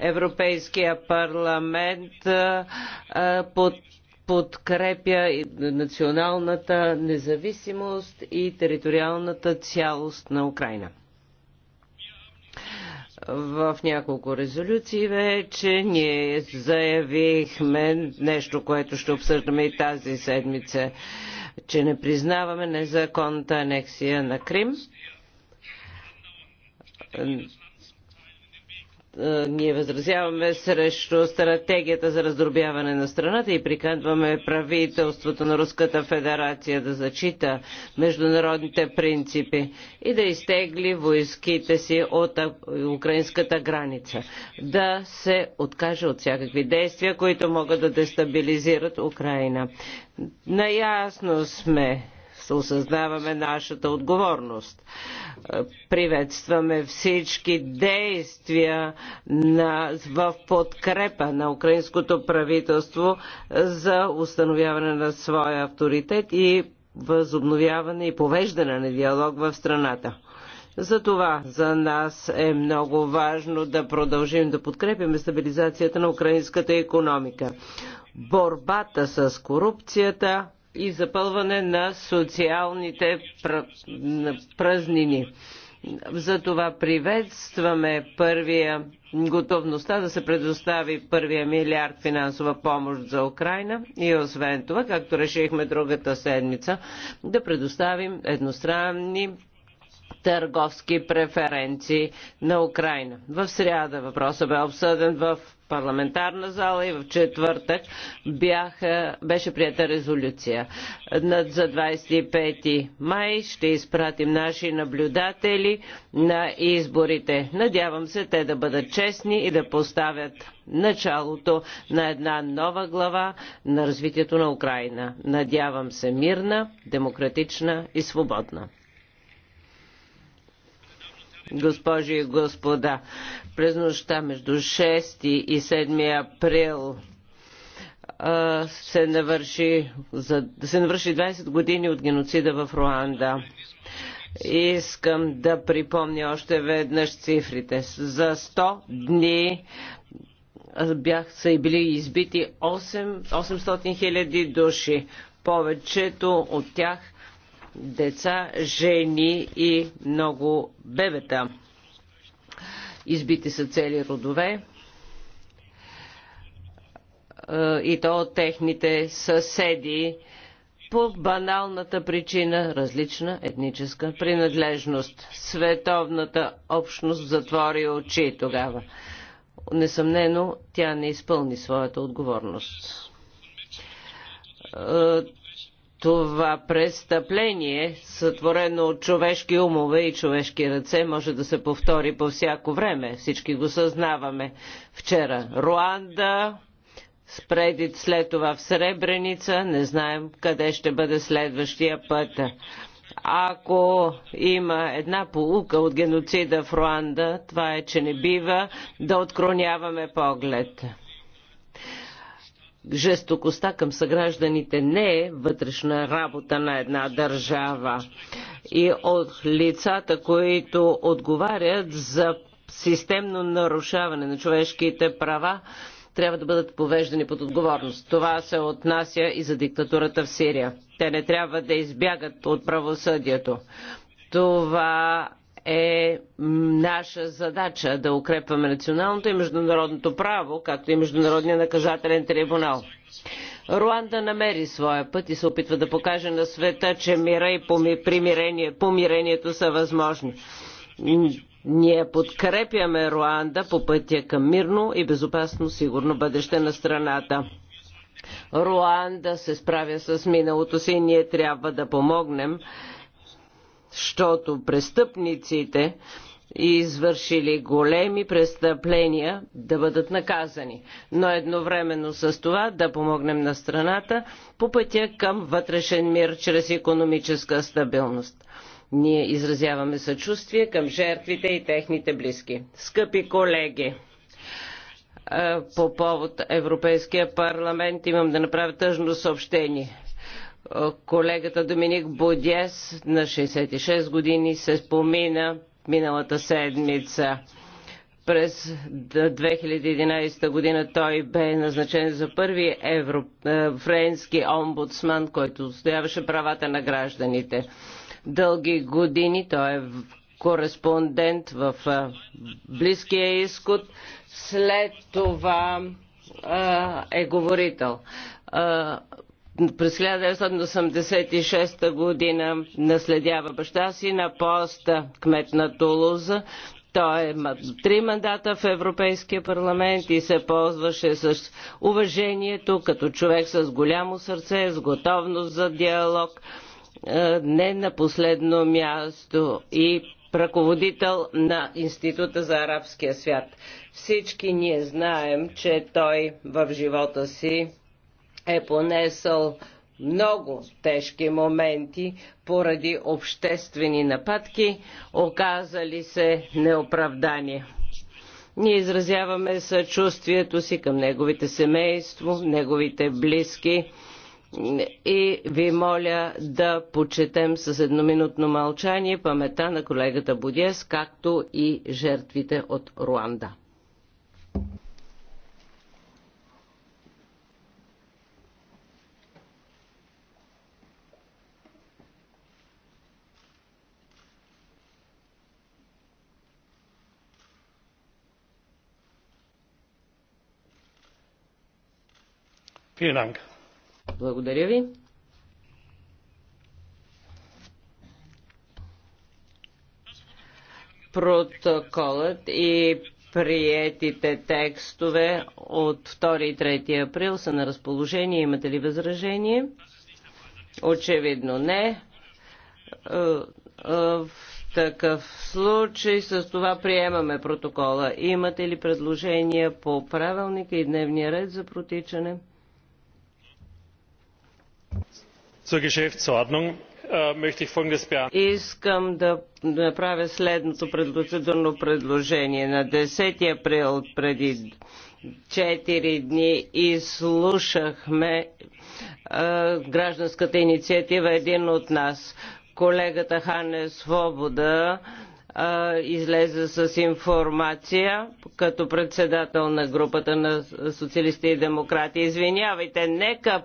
Европейския парламент под подкрепя националната независимост и териториалната цялост на Украина. В няколко резолюции вече ние заявихме нещо, което ще обсъждаме и тази седмица, че не признаваме незаконната анексия на Крим е, ние възразяваме срещу стратегията за раздробяване на страната и приканваме правителството на Руската федерация да зачита международните принципи и да изтегли войските си от украинската граница, да се откаже от всякакви действия, които могат да дестабилизират Украина. Наясно сме осъзнаваме нашата отговорност. Приветстваме всички действия на, в подкрепа на украинското правителство за установяване на своя авторитет и възобновяване и повеждане на диалог в страната. Затова за нас е много важно да продължим да подкрепим стабилизацията на украинската економика. Борбата с корупцията и запълване на социалните празнини. Затова приветстваме първия готовността да се предостави първия милиард финансова помощ за Украина и освен това, както решихме другата седмица, да предоставим едностранни търговски преференции на Украина. В сряда въпросът бе обсъден в парламентарна зала и в четвъртък бяха, беше прията резолюция. Над за 25 май ще изпратим наши наблюдатели на изборите. Надявам се те да бъдат честни и да поставят началото на една нова глава на развитието на Украина. Надявам се мирна, демократична и свободна госпожи и господа. През нощта между 6 и 7 април се навърши, за, се навърши 20 години от геноцида в Руанда. Искам да припомня още веднъж цифрите. За 100 дни бях са и били избити 8, 800 хиляди души. Повечето от тях деца, жени и много бебета. Избити са цели родове е, и то от техните съседи по баналната причина различна етническа принадлежност. Световната общност затвори очи тогава. Несъмнено, тя не изпълни своята отговорност. Е, това престъпление, сътворено от човешки умове и човешки ръце, може да се повтори по всяко време. Всички го съзнаваме. Вчера Руанда, спредит след това в Сребреница, не знаем къде ще бъде следващия път. Ако има една полука от геноцида в Руанда, това е, че не бива да отклоняваме поглед жестокостта към съгражданите не е вътрешна работа на една държава. И от лицата, които отговарят за системно нарушаване на човешките права, трябва да бъдат повеждани под отговорност. Това се отнася и за диктатурата в Сирия. Те не трябва да избягат от правосъдието. Това е наша задача да укрепваме националното и международното право, както и Международния наказателен трибунал. Руанда намери своя път и се опитва да покаже на света, че мира и помирение, помирението са възможни. Ние подкрепяме Руанда по пътя към мирно и безопасно сигурно бъдеще на страната. Руанда се справя с миналото си и ние трябва да помогнем защото престъпниците извършили големи престъпления да бъдат наказани, но едновременно с това да помогнем на страната по пътя към вътрешен мир чрез економическа стабилност. Ние изразяваме съчувствие към жертвите и техните близки. Скъпи колеги, по повод Европейския парламент имам да направя тъжно съобщение колегата Доминик Бодес на 66 години се спомина миналата седмица. През 2011 година той бе назначен за първи евро... Е, френски омбудсман, който отстояваше правата на гражданите. Дълги години той е кореспондент в е, Близкия изход. След това е, е говорител през 1986 година наследява баща си на поста кмет на Тулуза. Той е три мандата в Европейския парламент и се ползваше с уважението като човек с голямо сърце, с готовност за диалог, не на последно място и ръководител на Института за арабския свят. Всички ние знаем, че той в живота си е понесъл много тежки моменти поради обществени нападки, оказали се неоправдани. Ние изразяваме съчувствието си към неговите семейство, неговите близки и ви моля да почетем с едноминутно мълчание памета на колегата Будес, както и жертвите от Руанда. Благодаря ви. Протоколът и приетите текстове от 2 и 3 април са на разположение. Имате ли възражение? Очевидно не. Е, е, в такъв случай с това приемаме протокола. Имате ли предложения по правилника и дневния ред за протичане? Zur Geschäftsordnung äh, möchte ich folgendes beantragen. Искам да направя следното процедурно предложение. На 10 април преди 4 дни изслушахме гражданската инициатива един от нас. Колегата Хане Свобода излезе с информация като председател на групата на социалисти и демократи. Извинявайте, нека